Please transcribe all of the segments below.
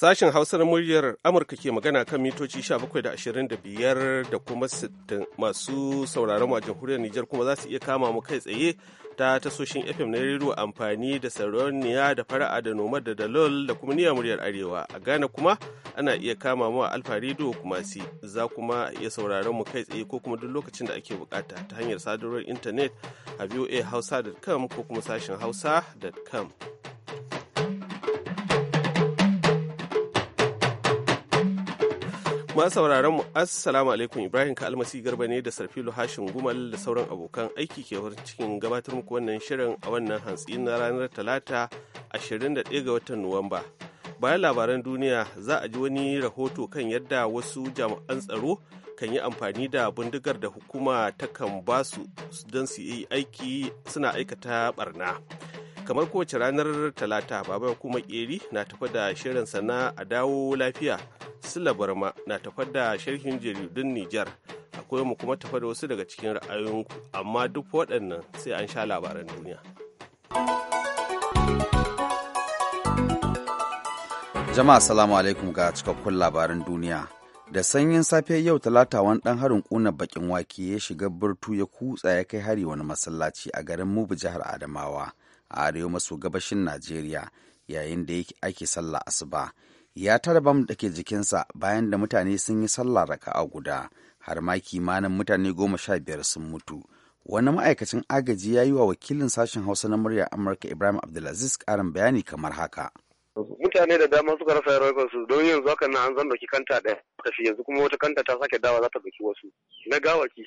Sashen hausar muryar Amurka ke magana kan mitoci 17.25 da kuma 60 masu sauraron a jamhuriyar Nijar kuma za su iya kama mu kai tsaye ta tasoshin FM na rediyo amfani da sarauniya da fara'a da noma da dalol da kuma niyyar muryar Arewa. A Ghana kuma ana iya kama mu a Alfa Radio kuma si za kuma iya sauraron mu kai tsaye ko kuma duk lokacin da ake bukata ta hanyar sadarwar intanet a voahausa.com ko kuma sashen hausa.com. ma sauraron mu assalamu alaikum Ibrahim ka almasi garba ne da Sarfilu Hashin Gumal da sauran abokan aiki ke cikin gabatar muku wannan shirin a wannan hantsi na ranar Talata 21 ga watan Nuwamba. Bayan labaran duniya za a ji wani rahoto kan yadda wasu jami'an tsaro kan yi amfani da bindigar da hukuma ta kan basu don su yi aiki suna aikata barna. kamar kowace ranar talata baba kuma keri na tafa da shirin sana a dawo lafiya sila barma na tafa da sharhin jaridun nijar akwai mu kuma tafa da wasu daga cikin ra'ayoyinku amma duk waɗannan sai an sha labaran duniya jama'a salamu alaikum ga cikakkun labaran duniya da sanyin safe yau talata wani dan harin kuna bakin wake ya shiga burtu ya kutsa ya kai hari wani masallaci a garin mubu jihar adamawa a arewa maso gabashin najeriya yayin da ake sallah asuba ya tara bam da ke jikinsa bayan da mutane sun yi sallah raka'a guda har ma kimanin mutane goma sha biyar sun mutu wani ma'aikacin agaji ya yi wa wakilin sashen hausa na muryar amurka ibrahim abdulaziz karin bayani kamar haka mutane da dama suka rasa rayuwar su don yanzu haka na an zan doki kanta ɗaya tafi yanzu kuma wata kanta ta sake dawa za ta doki wasu na gawaki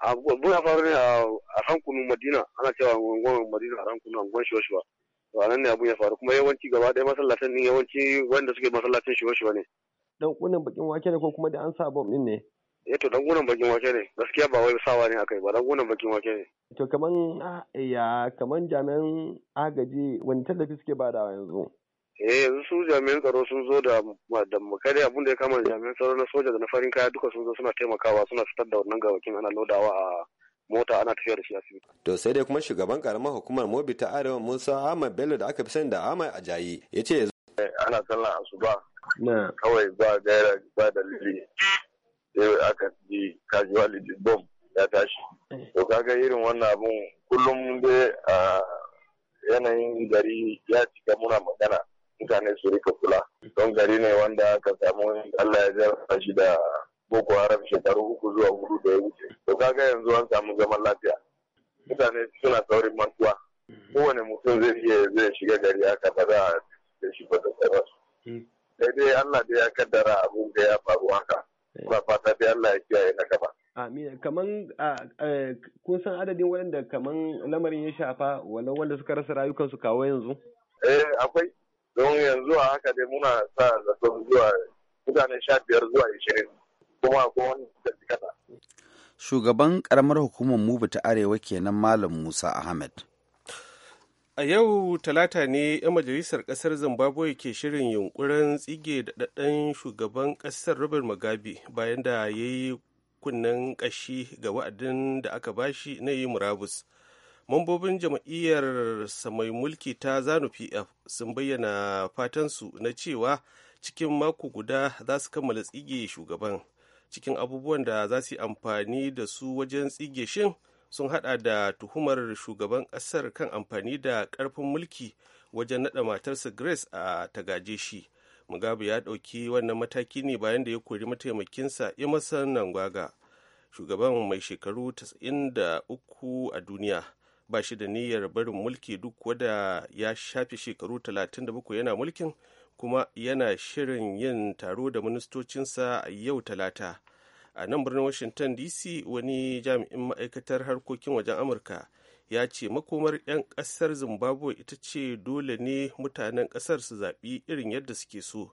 abu ya faru ne a hankunan madina ana cewa gwamnan madina a hankunan gwan shiwa to anan ne abu ya faru kuma yawanci gaba ɗaya masallacin ne yawanci wanda suke masallacin shiwa shiwa ne dan kunan bakin wake ne ko kuma da an sa bom din ne eh to dan kunan bakin wake ne gaskiya ba wai sawa ne akai ba dan kunan bakin wake ne to kaman ah, ya kaman jami'an agaji wani tallafi suke badawa yanzu eh yanzu su jami'an tsaro sun zo da da makare abin da ya kama jami'an tsaro na soja da na farin kaya duka sun zo suna taimakawa suna fitar da wannan gawakin ana lodawa a mota ana tafiya da shi asibiti. To sai dai kuma shugaban karamar hukumar Mobi ta Arewa Musa Ahmad Bello da aka fi sani da Ahmad Ajayi ya ce eh, ana sallah asuba kawai ba gaira ba dalili sai eh, aka ji casualty bomb ya tashi eh. to kaga irin wannan abun kullum dai a ah, yanayin gari ya cika muna magana mutane su rika kula don gari ne wanda aka samu allah ya jarfa shi da boko haram shekaru uku zuwa hudu da ya wuce to kaga yanzu an samu zaman lafiya mutane suna saurin mantuwa kowane mutum zai iya zai shiga gari aka ba za a da shi ba da sauransu sai dai allah da ya kaddara abun da ya faru haka ba fata dai allah ya kiyaye na gaba Amin, kaman kun san adadin waɗanda kaman lamarin ya shafa walau wanda suka rasa rayukansu kawo yanzu? Eh, akwai don yanzu a haka dai muna sa zaton zuwa mutane sha biyar zuwa ishirin kuma ko wani da Shugaban karamar hukumar Mubu ta Arewa kenan Malam Musa Ahmed. A yau talata ne 'yan majalisar kasar Zimbabwe ke shirin yunkurin tsige daɗaɗɗen shugaban ƙasar Robert Mugabe bayan da ya yi kunnen ƙashi ga wa'adin da aka bashi na yi murabus. mambobin jam'iyyar mai mulki ta zanu pf sun bayyana fatansu na cewa cikin mako guda za su kammala tsige shugaban cikin abubuwan da za su yi amfani da su wajen tsige shin sun hada da tuhumar shugaban ƙasar kan amfani da karfin mulki wajen naɗa matarsa grace a tagaje shi mugabe ya ɗauki wannan mataki ne bayan da ya kori mataimakinsa ya emerson nangwaga shugaban mai shekaru 93 a duniya ba shi da niyyar barin mulki duk wada ya shafe shekaru 37 yana mulkin kuma yana shirin yin taro da ministocinsa a yau talata a nan birnin washington dc wani jami'in ma'aikatar harkokin wajen amurka ya ce makomar 'yan kasar zimbabwe ita ce dole ne mutanen kasar su zaɓi irin yadda suke so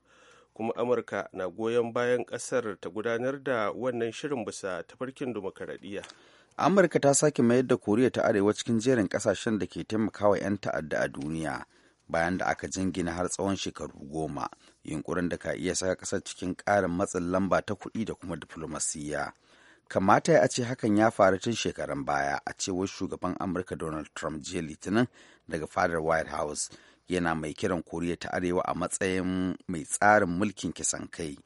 kuma amurka na goyon bayan kasar ta gudanar da wannan shirin bisa tafarkin dimokuraɗiyya amurka ta sake mayar da koriya ta arewa cikin jerin ƙasashen da ke taimakawa 'yan ta'adda a duniya bayan da aka jingina har tsawon shekaru goma yunkurin da ka iya saka ƙasar cikin ƙarin matsin lamba ta kuɗi da kuma diflomasiyya kamata ya ce hakan ya faru tun shekaran baya a cewar shugaban amurka donald trump jiya litinin daga fadar white house yana mai kiran koriya ta arewa a matsayin mai tsarin mulkin kisan kai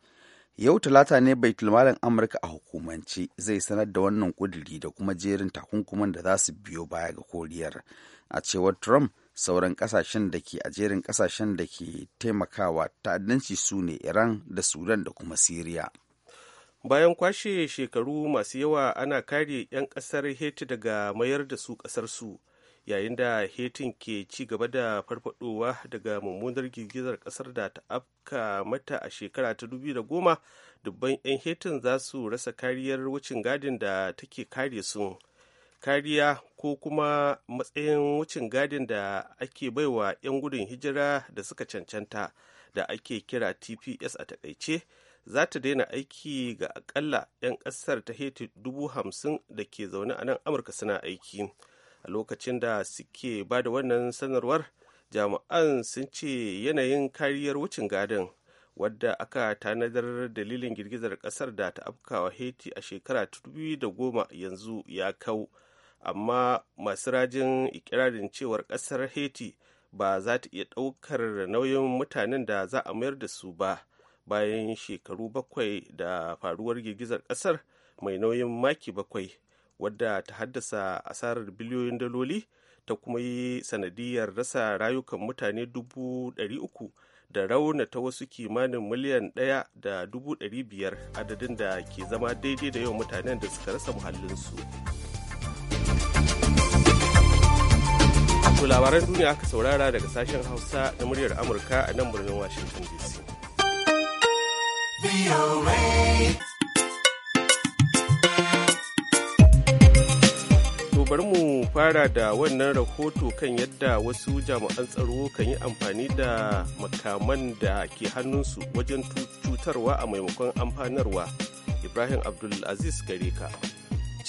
yau talata ne baitulmalin amurka a hukumance zai sanar da wannan kuduri da kuma jerin takunkuman da za su biyo baya ga koriyar a cewar trump sauran kasashen da ke a jerin kasashen da ke taimakawa ta'addanci su ne iran da sudan da kuma siriya bayan kwashe shekaru masu yawa ana kare 'yan kasar haiti daga mayar da su kasarsu su yayin da hetin ke ci gaba da farfadowa daga mummunar girgizar kasar da ta afka mata a shekara ta da goma dubban 'yan hetin za su rasa kariyar wucin gadin da take kare su kariya ko kuma matsayin wucin gadin da ake baiwa 'yan gudun hijira da suka cancanta da ake kira tps a takaice za ta daina aiki ga akalla 'yan ƙasar ta heti dubu hamsin da ke zaune a nan amurka suna aiki a lokacin da suke ba da wannan sanarwar jami'an sun ce yanayin kariyar wucin gadin wadda aka tanadar dalilin girgizar kasar da ta afkawa haiti a shekara 2010 yanzu ya kau amma masu rajin ikirarin cewar kasar haiti ba za ta iya ɗaukar nauyin mutanen da za a mayar da su ba bayan shekaru bakwai da faruwar girgizar kasar mai nauyin maki bakwai wadda ta haddasa asarar biliyoyin daloli ta kuma yi sanadiyar rasa rayukan mutane dubu ɗari uku da rauna ta wasu kimanin miliyan ɗaya da dubu ɗari biyar adadin da ke zama daidai da yawan mutanen da suka rasa muhallinsu. To labaran duniya aka saurara daga sashen Hausa na muryar Amurka a nan birnin Washington DC. bari mu fara da wannan rahoto kan yadda wasu jami'an tsaro kan yi amfani da makaman da ke hannunsu wajen cutarwa a maimakon amfanarwa. Ibrahim Abdulaziz gare ka.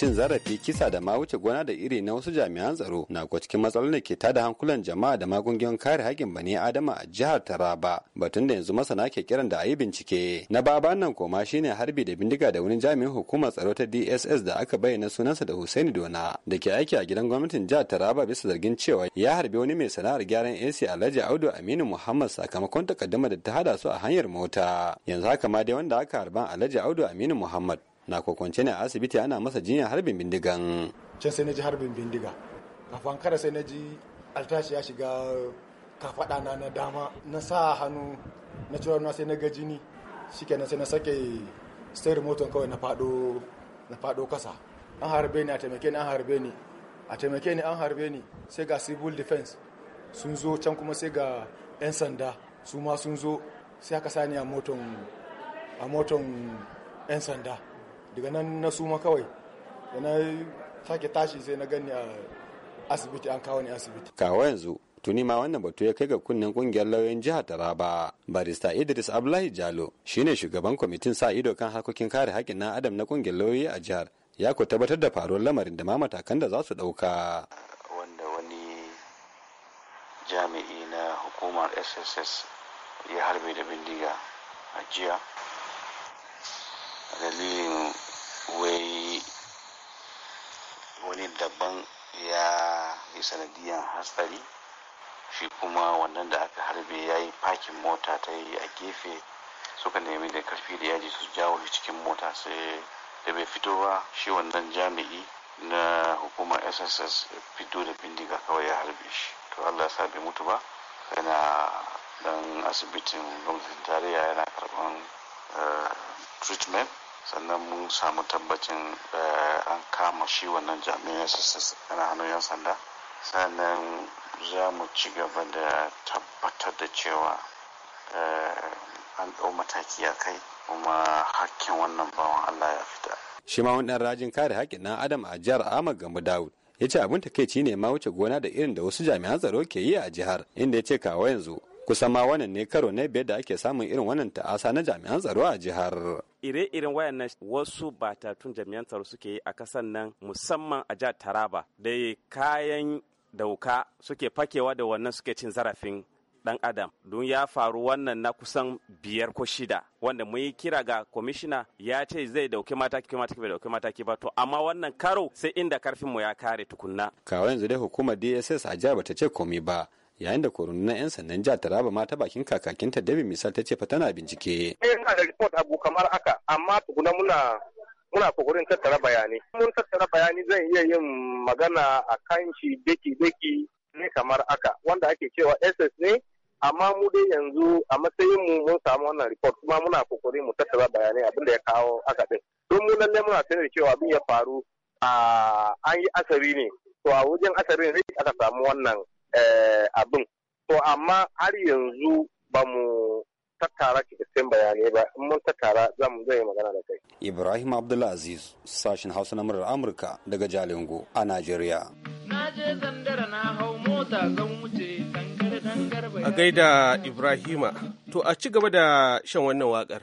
cin zarafi kisa da ma wuce gona da iri na wasu jami'an tsaro na ko cikin matsalolin da ke tada hankulan jama'a da magungunan kare haƙƙin bani adama a jihar taraba batun da yanzu masana ke kiran da a yi bincike na baban nan koma shine harbi da bindiga da wani jami'in hukumar tsaro ta dss da aka bayyana sunansa da husaini dona da ke aiki a gidan gwamnatin jihar taraba bisa zargin cewa ya harbi wani mai sana'ar gyaran ac alhaji audu aminu muhammad sakamakon takaddama da ta hada su a hanyar mota yanzu haka ma dai wanda aka harban alhaji audu aminu muhammad na kwakwance ne a asibiti ana masa jinya harbin bindigan can sai na ji harbin bindiga kafin kada sai na ji altashi ya shiga kafaɗa na na dama na sa hannu na ciro na sai na ga jini shikenan sai na sake steering remote kawai na faɗo na faɗo kasa an harbe ni a taimake ni an harbe ni a taimake ni an harbe ni sai ga civil defense sun zo can kuma sai ga 'yan sanda su ma sun zo sai aka sani a moton 'yan sanda daga nan na suma kawai da na sake tashi sai na gani a asibiti an kawo ni asibiti kawo yanzu tuni ma wannan batu ya kai ga kunnen kungiyar lauyoyin jihar Taraba. Barista Idris Abdullahi Jalo shine shugaban kwamitin sa ido kan harkokin kare haƙƙin na adam na kungiyar lauyoyi a jihar. Ya ku tabbatar da faruwar lamarin da ma matakan da za su ɗauka. Wanda wani jami'i na hukumar SSS ya harbe da bindiga a jiya. Dalilin wai wani daban ya yi sanadiyan hatsari shi kuma wannan da aka harbe ya yi fakin mota ta yi a gefe suka nemi da karfi da yaji su jawo shi cikin mota sai da bai fito ba shi wannan jami'i na hukumar sss fito da bindiga kawai ya harbe shi to allah sa bai mutu ba yana dan asibitin lokacin tarayya yana karban eh, treatment sannan mun samu tabbacin eh, an kama shi wannan jami'in sss na hannun yan sanda sannan za mu ci gaba da tabbatar da cewa eh, an ɗau mataki a kai kuma hakkin wannan bawan allah ya fita shi ma wani rajin kare hakkin na adam a jihar ahmad gambo dawud ya ce abin takaici ne ma wuce gona da irin da wasu jami'an tsaro ke yi a jihar inda ya ce kawo yanzu kusan ma wannan ne karo na biyar da ake samun irin wannan ta'asa na jami'an tsaro a jihar ire-iren wayannan wasu batatun jami'an tsaro suke yi a kasan nan musamman a jihar Taraba da kayan dauka suke fakewa da wannan suke cin zarafin dan adam don ya faru wannan na kusan biyar ko shida wanda mun yi kira ga kwamishina ya ce zai dauki mataki mataki bai dauki mataki ba to amma wannan karo sai inda karfin mu ya kare tukunna kawai yanzu dai hukumar DSS a jihar bata ce komai ba yayin da na 'yan sannan jihar taraba ma ta bakin kakakinta david misal ta ce fa tana bincike eh, ina da report abu kamar aka amma tukuna muna muna kokarin tattara bayanai mun tattara bayani zan iya yin magana a kan shi daki daki ne kamar aka wanda ake cewa ss ne amma mu dai yanzu a matsayin mu mun samu wannan report kuma muna kokarin mu tattara bayanai abin da ya kawo aka din don mu lalle muna sanar cewa abin ya faru a an yi asari ne to a wajen asarin ne aka samu wannan Eh, abin to amma har yanzu ba mu tattara cikakken bayanai ba in mun tattara za mu zai magana da kai. Ibrahim Abdulaziz sashen Hausa na murar Amurka daga Jalingo a Najeriya. A gaida Ibrahima, to a ci gaba da shan wannan waƙar.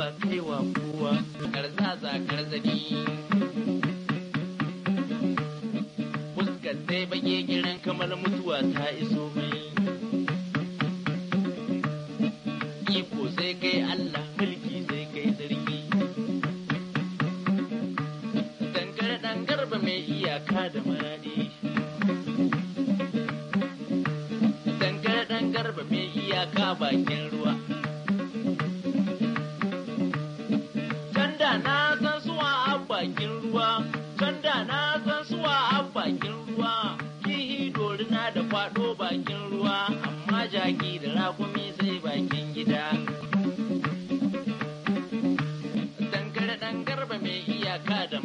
ba sai wa kowa karzaza karzani fuskar sai bage giran kamar mutuwa ta iso mai iko zai kai Allah mulki zai kai sarki dangar dangar ba mai iyaka da maradi dangar dangar ba mai iyaka bakin ruwa kwaɗo bakin ruwa amma jaki da raƙumi sai bakin gida dankare ɗan garba mai iyaka da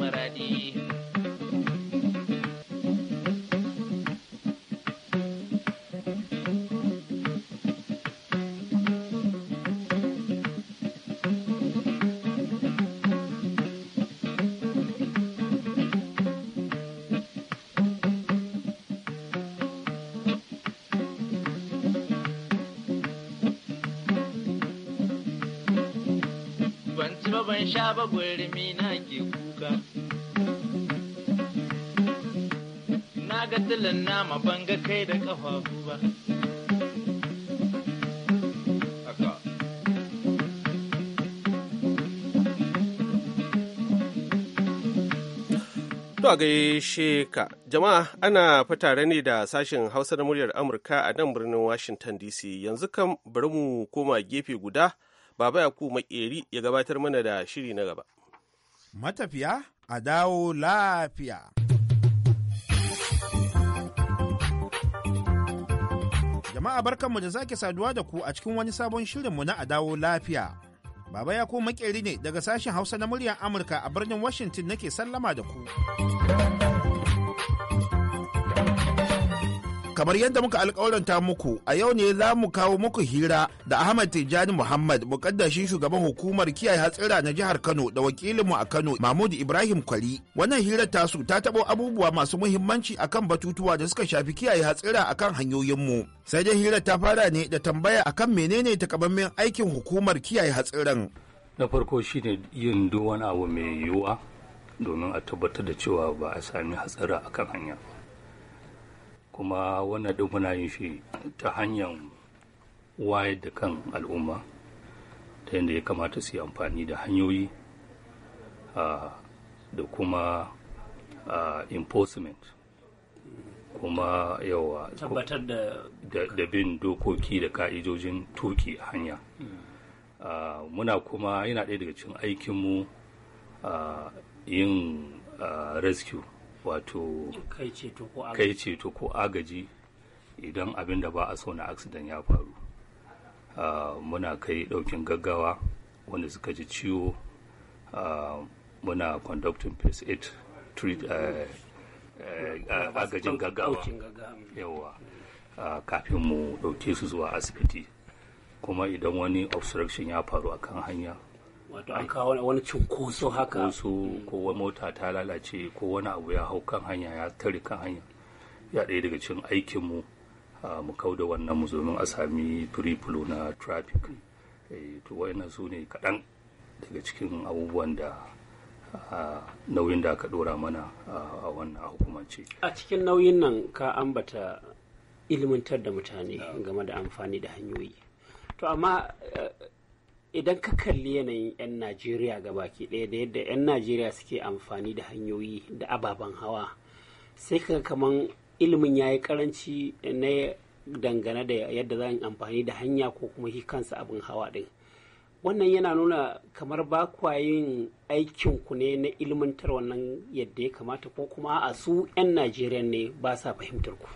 ba ban sha ba na ke kuka. Na ga tilan nama ban ga kai da ƙafafu ba. To gaishe ka, jama'a ana fitare ne da sashen Hausa na muryar Amurka a nan birnin Washington DC yanzu kan bari mu koma gefe guda Baba Yakubu Makeri ya gabatar mana da shiri na gaba. Matafiya a dawo lafiya. Jama'a barkanmu da sake saduwa da ku a cikin wani sabon shirinmu na a dawo lafiya. Baba Yakubu Makeri ne daga sashen Hausa na muryar Amurka a birnin Washington nake sallama da ku. kamar yadda muka alkawaranta muku a yau ne za mu kawo muku hira da ahmad tijjani muhammad mukaddashin shugaban hukumar kiyaye hatsira na jihar kano da wakilinmu a kano mahmud ibrahim kwali wannan hirar su ta tabo abubuwa masu muhimmanci akan batutuwa da suka shafi kiyaye hatsira akan hanyoyinmu sai dai hirar ta fara ne da tambaya akan menene takamaiman aikin hukumar kiyaye hatsiran na farko shine yin duk wani abu mai yiwuwa domin a tabbatar da cewa ba a sami hatsara akan hanya ba kuma wannan ɗin muna yin shi ta hanyar wayar da kan al'umma ta yadda ya kamata su yi amfani da hanyoyi da kuma enforcement kuma yawa tabbatar da bin dokoki da ka'idojin tuki a hanya muna kuma yana ɗaya daga cikin aikinmu yin rescue wato kai ceto ko agaji idan abin da ba a so na accident ya faru uh, muna kai daukin gaggawa wanda suka ji ciwo uh, muna conducting first aid treat eh, eh, ah, agajin gaggawa yawa kafin mu dauke su zuwa asibiti kuma idan wani obstruction ya faru a kan hanya wato an kawo wani cunkoso haka su ko mota ta lalace ko wani abu ya hau kan hanya ya tare kan hanya ya ɗaya daga cikin aikin mu kau da wannan mu domin a sami free na traffic eh, to wayannan su ne kaɗan daga cikin abubuwan da nauyin da aka ɗora mana a wannan hukumance a cikin nauyin nan ka ambata ilmantar da mutane game da amfani da hanyoyi to amma eh, idan ka kalli yanayin 'yan najeriya ga baki ɗaya da yadda 'yan najeriya suke amfani da hanyoyi da ababen hawa sai ka kaman ilimin ya yi karanci na dangane da yadda za amfani da hanya ko kuma shi kansa abin hawa ɗin wannan yana nuna kamar ba kwa yin aikinku ne na ilmantar wannan yadda ya kamata ko kuma a su 'yan najeriya ne ba sa fahimtar ku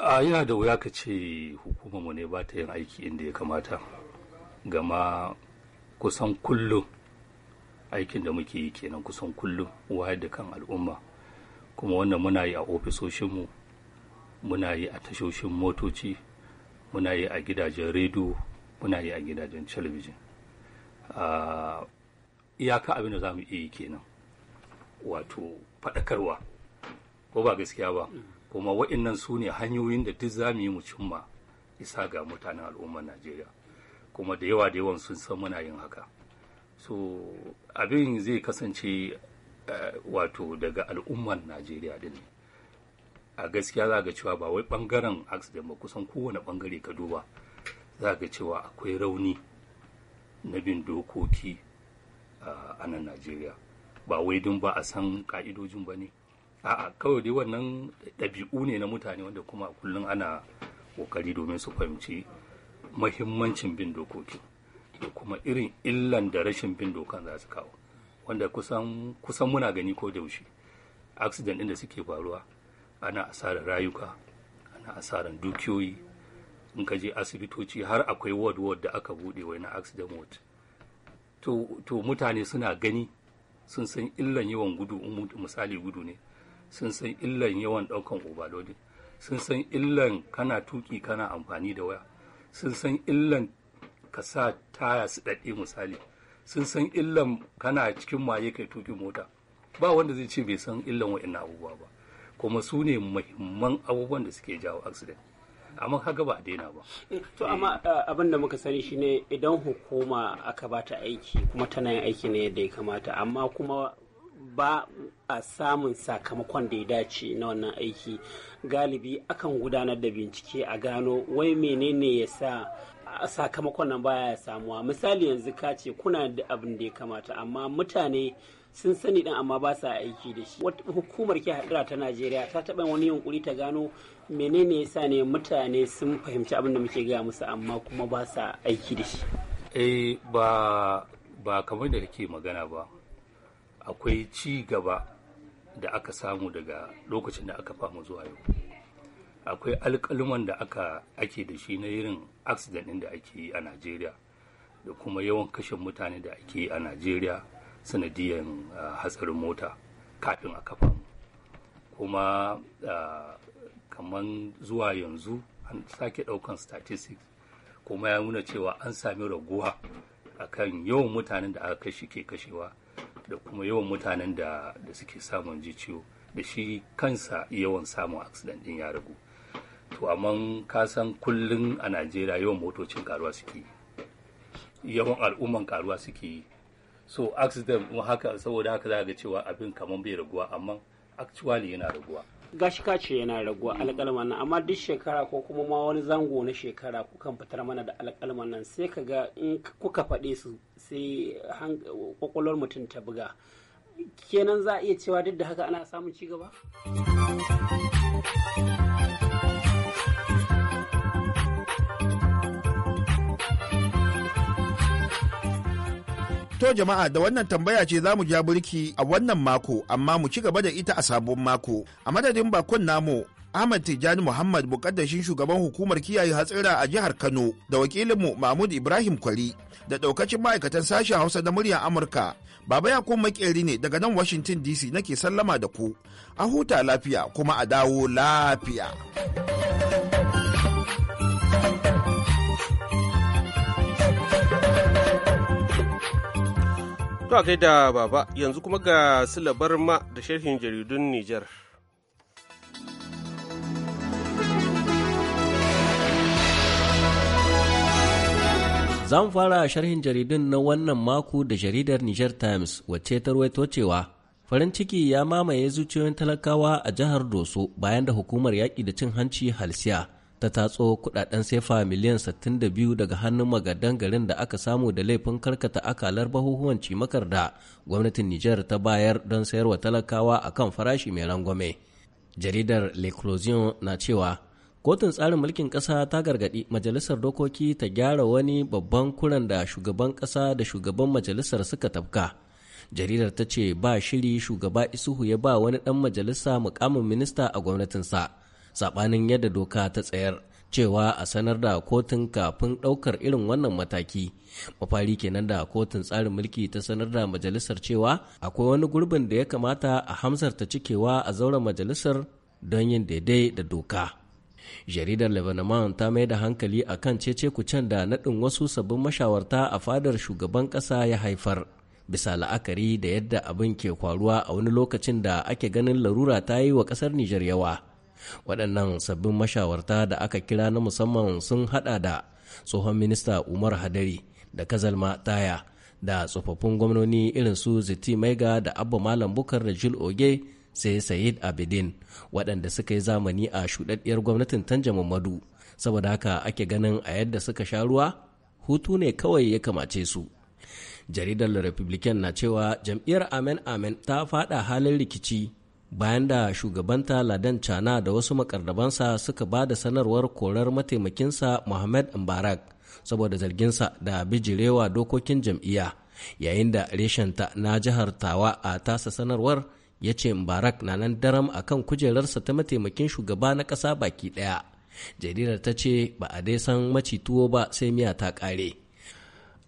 a yana da wuya ka ce hukumarmu ne ba ta yin aiki inda ya kamata gama kusan kullum aikin da muke yi kenan kusan kullum wayar da kan al'umma kuma wannan muna yi a ofisoshinmu muna yi a tashoshin motoci muna yi a gidajen rediyo muna yi a gidajen talabijin iyaka abin da za mu iya yi kenan wato faɗakarwa ko ba gaskiya ba kuma waɗannan su ne hanyoyin da duk za mu yi mu cimma isa ga mutanen al'ummar najeriya kuma da yawa da yawan sun san muna yin haka so abin zai kasance eh, wato daga al'umman najeriya din a gaskiya za ga cewa ba wai bangaren accident ba kusan kowane bangare ka duba za ga cewa akwai rauni na bin dokoki uh, a nan najeriya ba wai dun ba a san ka'idojin ba ne a'a kawai dai wannan ɗabi'u ne na mutane wanda kuma kullum ana kokari domin su fahimci mahimmancin bin dokoki da kuma irin illan da rashin bin dokan za su kawo wanda kusan kusan muna gani ko da yaushe accident ɗin da suke faruwa ana asarar rayuka ana asarar dukiyoyi in ka je asibitoci har akwai ward ward da aka bude wai na accident ward to, mutane suna gani sun san illan yawan gudu misali gudu ne sun san illan yawan ɗaukan overloading sun san illan kana tuki kana amfani da waya sun san illan ka sa taya su daɗe misali sun san illan kana cikin maye kai tuki mota ba wanda zai ce bai san illan wa'annan abubuwa ba kuma su ne muhimman abubuwan da suke jawo accident amma haka ba daina ba eh, to amma eh. Eh, abin da muka sani shine idan hukuma aka bata aiki kuma tana yin aiki ne yadda ya kamata amma kuma ba a samun sakamakon da ya dace na wannan aiki galibi akan gudanar da bincike a gano wai menene ya sa sakamakon nan baya samuwa misali yanzu ka ce kuna da abin da ya kamata amma mutane sun sani din amma ba sa aiki da shi hukumar ke hadira ta najeriya ta taɓa wani yunkuri ta gano menene yasa ne mutane sun fahimci abin da muke gaya musu amma kuma ba sa aiki da shi eh ba ba kamar da kake magana ba akwai ci gaba da aka samu daga lokacin da aka famu zuwa yau akwai alkaluman da aka ake da shi na irin accident da ake yi a najeriya da kuma yawan kashin mutane da ake yi a najeriya sanadiyan ah, hatsarin mota kafin a kafa kuma ah, kamar zuwa yanzu an sake ɗaukan statistics kuma ya nuna cewa an sami raguwa akan yawan mutanen da aka kashe ke kashewa da kuma yawan mutanen da suke samun ji ciwo da shi kansa yawan samun accident din ya ragu to amma ka san kullum a najeriya yawan motocin karuwa suke yawan al'umman karuwa suke so accident haka saboda haka za ga cewa abin kamar bai raguwa amma actually yana raguwa gashi ka ce yana raguwa alƙalman nan amma duk shekara ko kuma ma wani zango na shekara kukan fitar mana da alƙalman nan sai ka ga in kuka faɗe su sai kwakwalwar mutum ta buga kenan za a iya cewa duk da haka ana samun ci gaba To jama'a da wannan tambaya ce za mu ja burki a wannan mako amma mu ci gaba da ita a sabon mako. A madadin bakon namu Ahmad Tijjani Muhammad mukaddashin shugaban hukumar kiyaye hatsira a jihar Kano da wakilinmu Mahmud Ibrahim Kwari da daukacin ma'aikatan sashen Hausa da muryar Amurka. Baba ya kuma makeri ne daga nan Washington DC nake sallama da ku. A huta lafiya kuma a dawo lafiya. To a gaida baba yanzu kuma ga silabar ma da sharhin jaridun Nijar. Zan fara fara sharhin jaridun na wannan mako da jaridar Nijar Times wacce ta ruwaito cewa farin ciki ya mamaye zuciyoyin talakawa a jihar Doso bayan da hukumar yaƙi da cin hanci halsiya ta tatso kudaden sefa miliyan 62 daga hannun magadan garin da aka samu da laifin karkata akalar bahuhuwan cimakar da gwamnatin Nijar ta bayar don sayarwa talakawa a kan farashi mai rangwame. Jaridar L'Eclosion na cewa Kotun tsarin mulkin ƙasa ta gargaɗi majalisar dokoki ta gyara wani babban kuran da shugaban ƙasa da shugaban majalisar suka tafka. Jaridar ta ce ba shiri shugaba Isuhu ya ba wani ɗan majalisa mukamin minista a gwamnatinsa. saɓanin yadda doka ta tsayar cewa a sanar da kotun kafin ɗaukar irin wannan mataki mafari kenan da kotun tsarin mulki ta sanar da majalisar cewa akwai wani gurbin da ya kamata a hamsar ta cikewa a zauren majalisar don yin daidai da doka jaridar lebanon ta mai da hankali a kan cece-kucen da naɗin wasu sabbin mashawarta a fadar shugaban ƙasa ya haifar bisa la'akari da yadda abin ke kwaruwa a wani lokacin da ake ganin larura ta yi wa ƙasar nijar yawa waɗannan sabbin mashawarta da aka kira na musamman sun haɗa da tsohon minista umar hadari da kazalma taya da tsofaffin gwamnoni irin su ziti maiga da abba malam bukar da jil oge sai sayid abidin waɗanda suka yi zamani a shuɗaɗɗiyar gwamnatin tanja mamadu saboda haka ake ganin a yadda suka sha ruwa hutu ne kawai ya kamace su jaridar republican na cewa jam'iyyar amen amen ta faɗa halin rikici bayan da shugabanta ladan cana da wasu makardabansa suka ba da sanarwar korar mataimakinsa Muhammad Mbarak saboda zarginsa da bijirewa dokokin jam'iyya yayin da reshenta na jihar Tawa a tasa sanarwar ya ce Mbarak na nan daram a kan kujerarsa ta mataimakin shugaba na ƙasa baki ɗaya. Jaridar ta ce ba a dai san maci tuwo ba sai miya ta ƙare.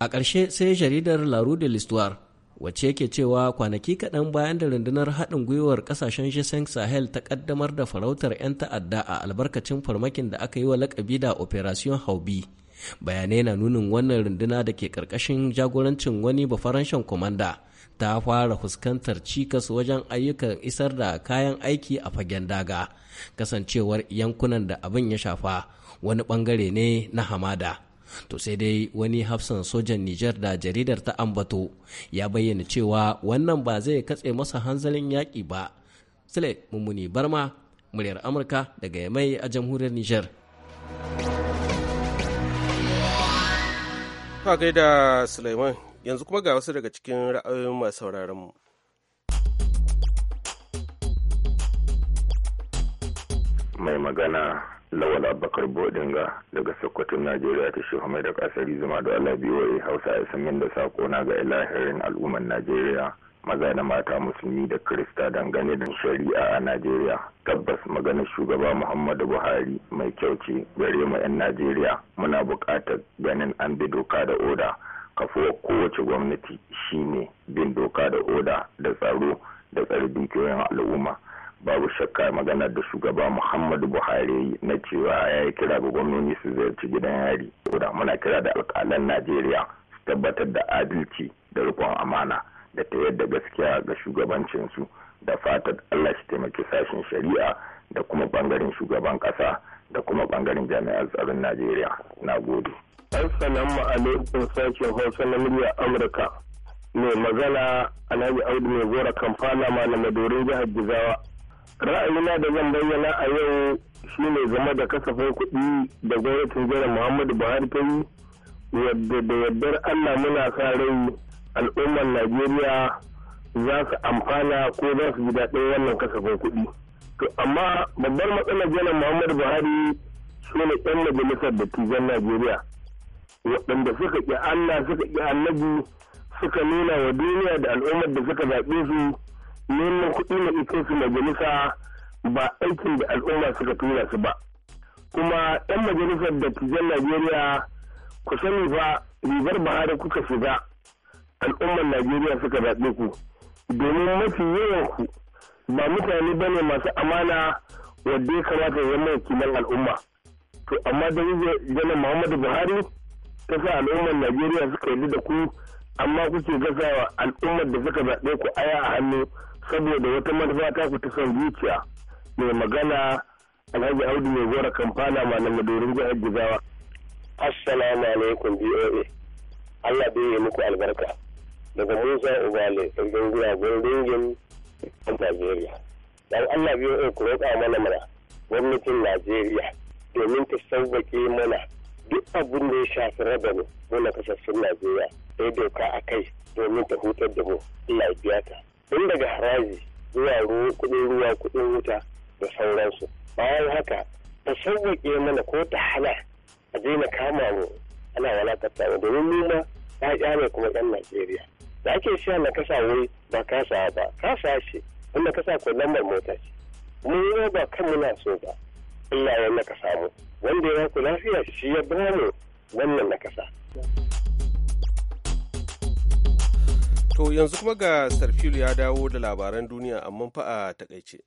A ƙarshe sai jaridar Laru de l'Histoire wacce yake cewa kwanaki kaɗan bayan da rundunar haɗin gwiwar ƙasashen g Sahel ta ƙaddamar da farautar 'yan ta'adda a albarkacin farmakin da aka yi wa lakabi da Operation Haubi. Bayanai na nunin wannan runduna da ke ƙarƙashin jagorancin wani bafaranshan kwamanda ta fara fuskantar cikas wajen ayyukan isar da kayan aiki a fagen daga, kasancewar yankunan da abin ya shafa wani ɓangare ne na hamada. to sai dai wani hafsan sojan Nijar da jaridar ta ambato ya bayyana cewa wannan ba zai katse masa hanzalin yaƙi ba sule mummuni barma muryar amurka daga yamai a jamhuriyar Nijar. Ka gaida Sulaiman yanzu kuma ga wasu daga cikin ra'ayoyin masu sauraron mu. Mai magana lawal abakar bodinga daga sokoton najeriya ta shehu mai da kasari zuma da allah a hausa a isamin da sako na ga ilahirin al'ummar najeriya maza da mata musulmi da krista dangane da shari'a a najeriya tabbas maganar shugaba muhammadu buhari mai kyau ce gare mu 'yan najeriya muna buƙatar ganin an bi doka da oda kafuwa kowace gwamnati shine bin doka da oda da tsaro da tsarbin dukiyoyin al'umma babu shakka maganar da shugaba muhammadu buhari na cewa ya yi kira ga gwamnoni su ziyarci gidan yari da muna kira da alkalan najeriya su tabbatar da adalci da rikon amana da ta yadda gaskiya ga shugabancinsu da fatar allah shi taimaki sashen shari'a da kuma bangaren shugaban kasa da kuma bangaren jami'ar tsaron najeriya na gode assalamu alaikum sashen hausa na a amurka mai magana alhaji audu mai gora kamfana na dorin jihar gizawa ra'ayina da zan bayyana a yau ne zama da kasafin kuɗi da gwamnatin jiran muhammadu buhari ta yi yadda da yardar allah muna sa rai al'ummar najeriya za su amfana ko za su ji daɗin wannan kasafin kuɗi to amma babbar matsalar janar muhammadu buhari su ne 'yan majalisar dattijan najeriya waɗanda suka ƙi allah suka ƙi annabi suka nuna wa duniya da al'ummar da suka zaɓe su neman kuɗi na iso su majalisa ba aikin da al'umma suka tura su ba kuma 'yan majalisar da tijan najeriya ku sani fa ribar bahari kuka shiga al'ummar najeriya suka zaɓe ku domin mafi yawan ku ba mutane ba ne masu amana wadda ya kamata ya zama wakilan al'umma to amma da janar muhammadu buhari ta sa al'ummar najeriya suka yi da ku amma kuke gasawa al'ummar da suka zaɓe ku aya a hannu saboda wata manufa ta fita son zuciya mai magana alhaji audu mai gora kamfana malam madorin jihar gizawa assalamu alaikum boa allah bai yi muku albarka daga musa ubale sarkin guragun ringin a najeriya dan allah boa ku roƙa mana mana gwamnatin najeriya domin ta sauƙaƙe mana duk abin da ya shafi rabanu mu na kasassun najeriya ta doka a kai domin ta hutar da mu allah tun daga haraji zuwa kuɗin ruwa kuɗin wuta da sauransu bayan haka ta sauƙaƙe mana ko ta hana a na kama mu ana walakanta mu domin mu ma ya ne kuma ɗan Najeriya da ake siya na kasa wai ba kasa ba kasa shi wanda kasa ko lambar mota ce mun yi ba kan muna so ba Allah ya naka samu wanda ya ku lafiya shi ya bamu wannan na kasa. To yanzu kuma ga Sarfilu ya dawo da labaran duniya amma fa a takaice.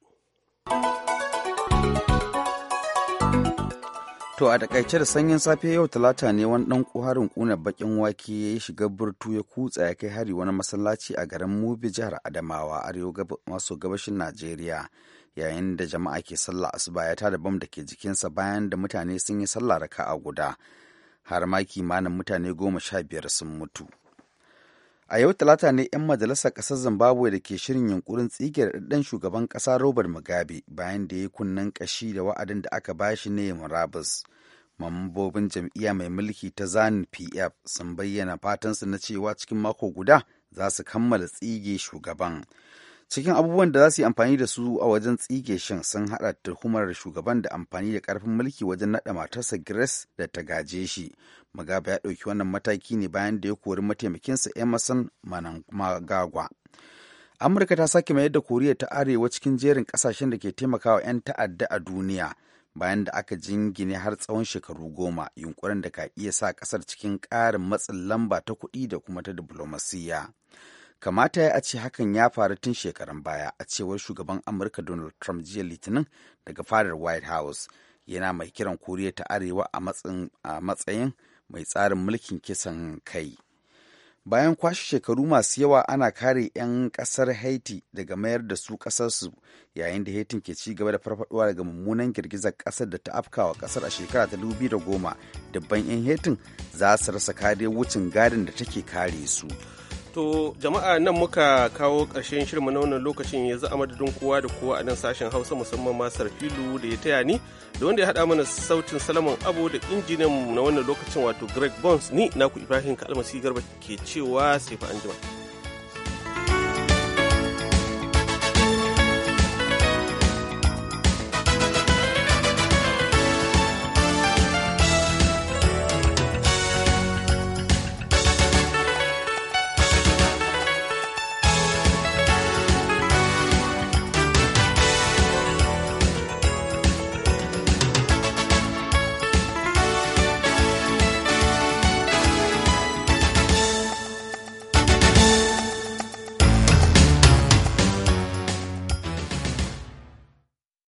To a takaice da sanyin safe yau talata ne wani dan harin kuna bakin wake ya shiga burtu ya kutsa ya kai hari wani masallaci a garin Mubi jihar Adamawa arewa maso gabashin Najeriya yayin da jama'a ke sallah asuba ya tada bam da ke jikinsa bayan da mutane sun yi sallah raka'a guda har ma kimanin mutane goma sha biyar sun mutu. a yau talata ne 'yan majalisar ƙasar zimbabwe da ke shirin yunkurin tsigiyar ɗan shugaban ƙasa robert mugabe bayan da ya kunnen ƙashi da wa'adin da aka ba shi ne murabus mambobin jam'iyya mai mulki ta zanin pf sun bayyana fatansu na cewa cikin mako guda za su kammala tsige shugaban cikin abubuwan da za su yi amfani da su a wajen tsige shin sun haɗa tuhumar shugaban da amfani da karfin mulki wajen naɗa matarsa grace da ta gaje shi magaba ya ɗauki wannan mataki ne bayan da ya kori mataimakinsa emerson manangagwa amurka ta sake mayar da koriya ta arewa cikin jerin kasashen da ke taimakawa 'yan ta'adda a duniya bayan da aka jingine har tsawon shekaru goma yunkurin da ka iya sa ƙasar cikin ƙarin matsin lamba ta kuɗi da kuma ta diflomasiyya. kamata ya ce hakan ya faru tun shekaran baya a cewar shugaban amurka donald trump jiya litinin daga fadar white house yana mai kiran koriya ta arewa a matsayin mai tsarin mulkin kisan kai bayan kwashe shekaru masu yawa ana kare 'yan kasar haiti daga mayar da su kasarsu yayin da haitin ke ci gaba da farfaduwa daga mummunan girgizar kasar da ta afkawa kasar a shekara ta 2010 dabban 'yan haitin za su rasa kariyar wucin gadin da take kare su To jama'a nan muka kawo ƙarshen shirma na wannan lokacin yanzu a madadin kowa da kowa a nan sashen Hausa musamman masar filu da ya taya ni da wanda ya haɗa mana sautin salaman abu da injiniyan na wannan lokacin wato Greg Bones ni na ku Ibrahim Kalmasi Garba ke cewa sai fa anjima.